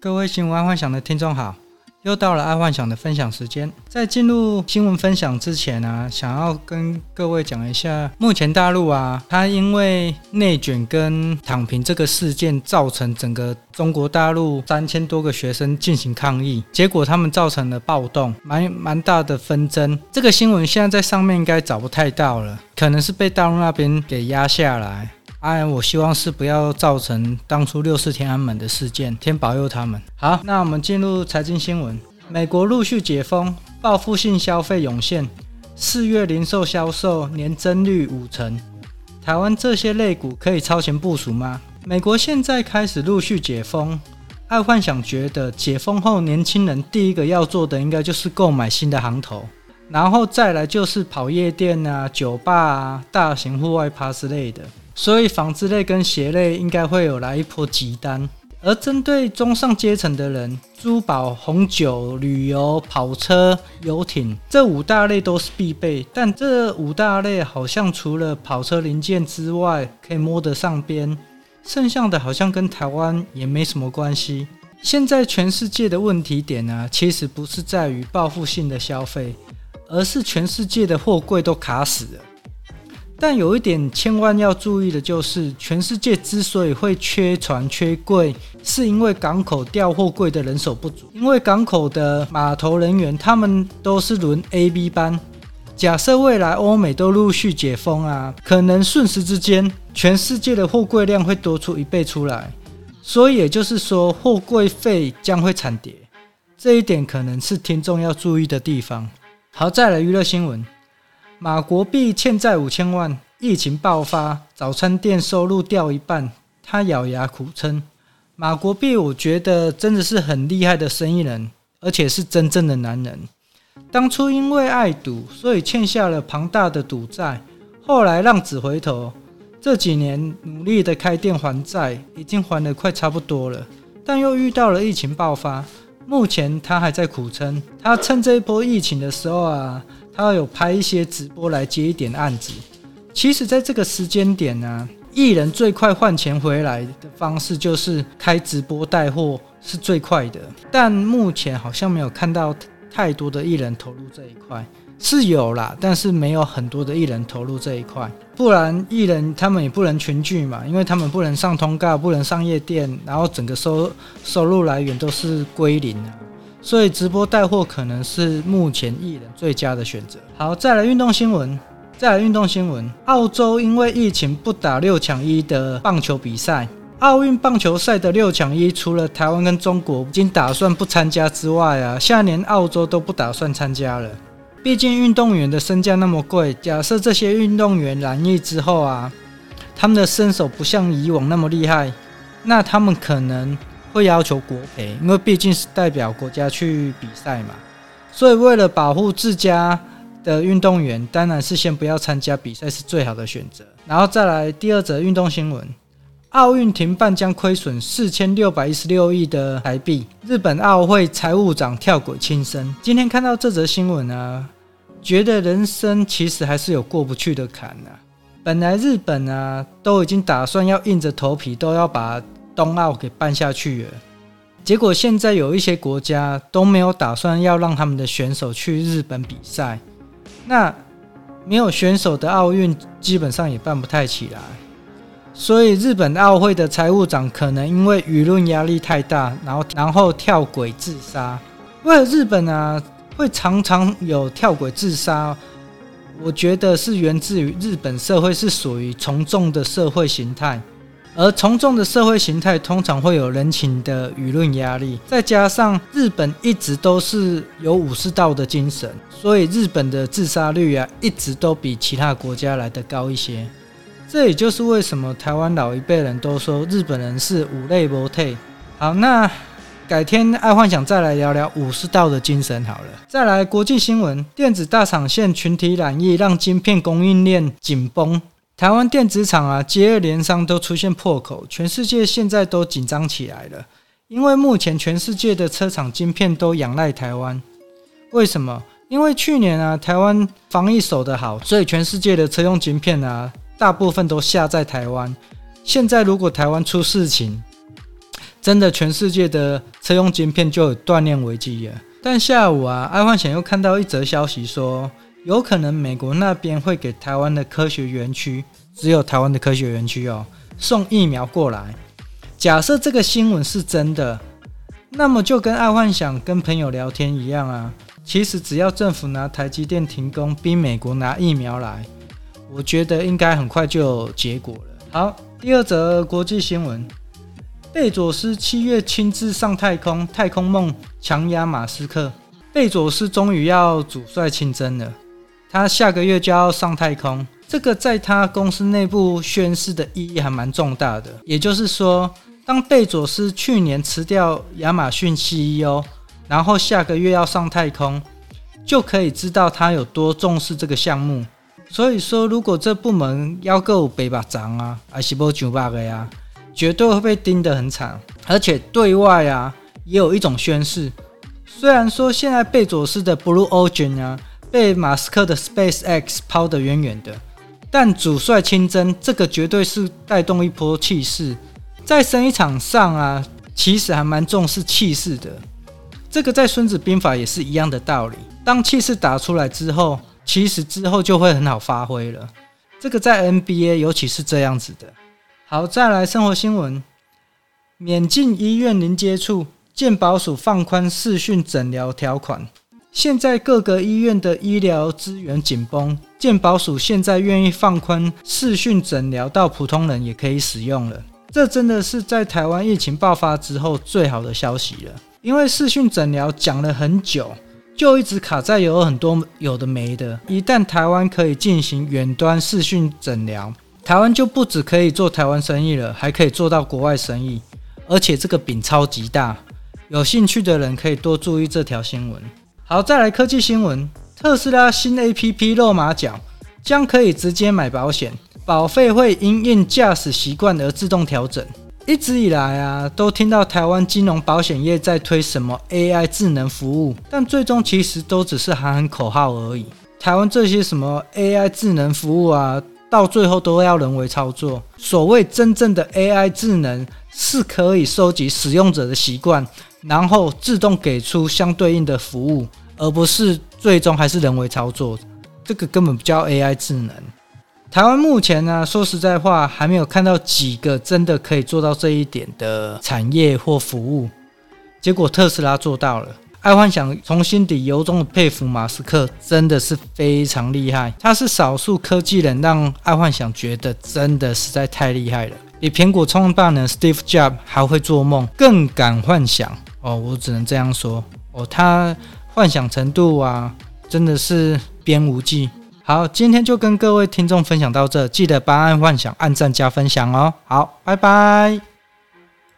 各位新聞愛幻想的聽眾好，又到了愛幻想的分享時間。在進入新聞分享之前呢、啊，想要跟各位講一下，目前大陸啊，它因為內卷跟躺平這個事件，造成整個中國大陸三千多個學生進行抗議，結果他們造成了暴動，蠻蠻大的紛爭。這個新聞現在在上面應該找不太到了，可能是被大陸那邊給壓下來。哎，我希望是不要造成當初六四天安門的事件，天保佑他們。好，那我們進入財經新聞。美國陸續解封，報復性消費湧現，四月零售銷售年增率五成。台灣這些類股可以超前部署嗎？美國現在開始陸續解封，愛、啊、幻想覺得解封後，年輕人第一個要做的應該就是購買新的行頭，然後再來就是跑夜店啊、酒吧啊、大型戶外趴之類的。所以，紡織類跟鞋類應該會有來一波急單。而針對中上階層的人，珠寶、紅酒、旅遊、跑車、遊艇這五大類都是必備。但這五大類好像除了跑車零件之外，可以摸得上邊，剩下的好像跟台灣也沒什麼關係。現在全世界的問題點呢、啊，其實不是在於報復性的消費，而是全世界的貨櫃都卡死了。但有一點千萬要注意的就是，全世界之所以會缺船缺櫃，是因為港口調貨櫃的人手不足。因為港口的碼頭人員他們都是輪 AB 班，假設未來歐美都陸續解封啊，可能瞬時之間，全世界的貨櫃量會多出一倍出來，所以也就是說，貨櫃費將會慘跌。這一點可能是聽眾要注意的地方。好，再來娛樂新聞。馬國畢欠債五千萬，疫情爆發，早餐店收入掉一半，他咬牙苦撐。馬國畢，我覺得真的是很厲害的生意人，而且是真正的男人。當初因為愛賭，所以欠下了龐大的賭債，後來浪子回頭，這幾年努力的開店還債，已經還得快差不多了，但又遇到了疫情爆發。目前他還在苦撐，他趁這一波疫情的時候啊，他有拍一些直播來接一點案子。其實，在這個時間點呢、啊，藝人最快換錢回來的方式就是開直播帶貨是最快的，但目前好像沒有看到太多的藝人投入這一塊。是有啦，但是沒有很多的藝人投入這一塊，不然藝人他們也不能群聚嘛，因為他們不能上通告，不能上夜店，然後整個收收入來源都是歸零啊，所以直播帶貨可能是目前藝人最佳的選擇。好，再來運動新聞，再來運動新聞，澳洲因為疫情不打六搶一的棒球比賽，奧運棒球賽的六搶一除了台灣跟中國已經打算不參加之外啊，現在連澳洲都不打算參加了。畢竟運動員的身價那麼貴，假設這些運動員染疫之後啊，他們的身手不像以往那麼厲害，那他們可能會要求國賠，因為畢竟是代表國家去比賽嘛。所以為了保護自家的運動員，當然是先不要參加比賽是最好的選擇。然後再來第二則運動新聞。奧運停辦將虧損四千六百一十六億的台幣，日本奧會財務長跳軌輕生。今天看到這則新聞啊，覺得人生其實還是有過不去的坎啊，本來日本啊都已經打算要硬着頭皮都要把東奧給辦下去了，結果現在有一些國家都沒有打算要讓他們的選手去日本比賽，那沒有選手的奧運基本上也辦不太起來。所以，日本奧會的財務長可能因為輿論壓力太大，然後然後跳軌自殺。為何日本啊會常常有跳軌自殺？我覺得是源自於日本社會是屬於從眾的社會形態，而從眾的社會形態通常會有人情的輿論壓力，再加上日本一直都是有武士道的精神，所以日本的自殺率啊一直都比其他國家來得高一些。這也就是為什麼台灣老一輩人都說日本人是無類無退。好，那改天愛幻想再來聊聊武士道的精神好了。再來國際新聞，電子大廠現群體染疫，讓晶片供應鏈緊繃。台灣電子廠啊，接二連三都出現破口，全世界現在都緊張起來了。因為目前全世界的車廠晶片都仰賴台灣，為什麼？因為去年啊，台灣防疫守得好，所以全世界的車用晶片啊。大部分都下在台灣，現在如果台灣出事情，真的全世界的車用晶片，就有斷鏈危機了。但下午啊，愛幻想又看到一則消息說，有可能美國那邊會給台灣的科學園區，只有台灣的科學園區哦，送疫苗過來。假設這個新聞是真的，那麼就跟愛幻想跟朋友聊天一樣啊，其實只要政府拿台積電停工，逼美國拿疫苗來。我覺得應該很快就有結果了。好，第二則國際新聞：貝佐斯七月親自上太空，太空夢強壓馬斯克。貝佐斯終於要主帥親征了，他下個月就要上太空。這個在他公司內部宣示的意義還蠻重大的。也就是說，當貝佐斯去年辭掉亞馬遜 CEO，哦，然後下個月要上太空，就可以知道他有多重視這個項目。所以說，如果這部門要夠百八掌啊，還是不九百個呀，絕對會被盯得很慘。而且對外啊，也有一種宣示，雖然說現在貝佐斯的 Blue Origin 啊，被馬斯克的 SpaceX 拋得遠遠的，但主帥親征，這個絕對是帶動一波氣勢。在生意場上啊，其實還蠻重視氣勢的。這個在《孫子兵法》也是一樣的道理。當氣勢打出來之後，其實之後就會很好發揮了，這個在 NBA 尤其是這樣子的。好，再來生活新聞，免進醫院零接觸，健保署放寬視訊診療條款。現在各個醫院的醫療資源緊繃，健保署現在願意放寬視訊診療，到普通人也可以使用了。這真的是在台灣疫情爆發之後最好的消息了，因為視訊診療講了很久。就一直卡在有很多有的沒的。一旦台灣可以進行遠端視訊診療，台灣就不止可以做台灣生意了，還可以做到國外生意，而且這個餅超級大。有興趣的人可以多注意這條新聞。好，再來科技新聞，特斯拉新 APP 露馬腳，將可以直接買保險，保費會因應駕駛習慣而自動調整。一直以來啊，都聽到台灣金融保險業在推什麼 AI 智能服務，但最終其實都只是喊喊口號而已。台灣這些什麼 AI 智能服務啊，到最後都要人為操作。所謂真正的 AI 智能，是可以收集使用者的習慣，然後自動給出相對應的服務，而不是最終還是人為操作。這個根本不叫 AI 智能。台灣目前呢，說實在話，還沒有看到幾個真的可以做到這一點的產業或服務。結果特斯拉做到了。愛幻想從心底由衷的佩服馬斯克，真的是非常厲害。他是少數科技人，讓愛幻想覺得真的實在太厲害了。比蘋果創辦人 Steve Jobs 還會做夢，更敢幻想。哦，我只能這樣說。哦，他幻想程度啊，真的是邊無際。好，今天就跟各位聽眾分享到這，記得幫按幻想、按讚、加分享哦。好，拜拜。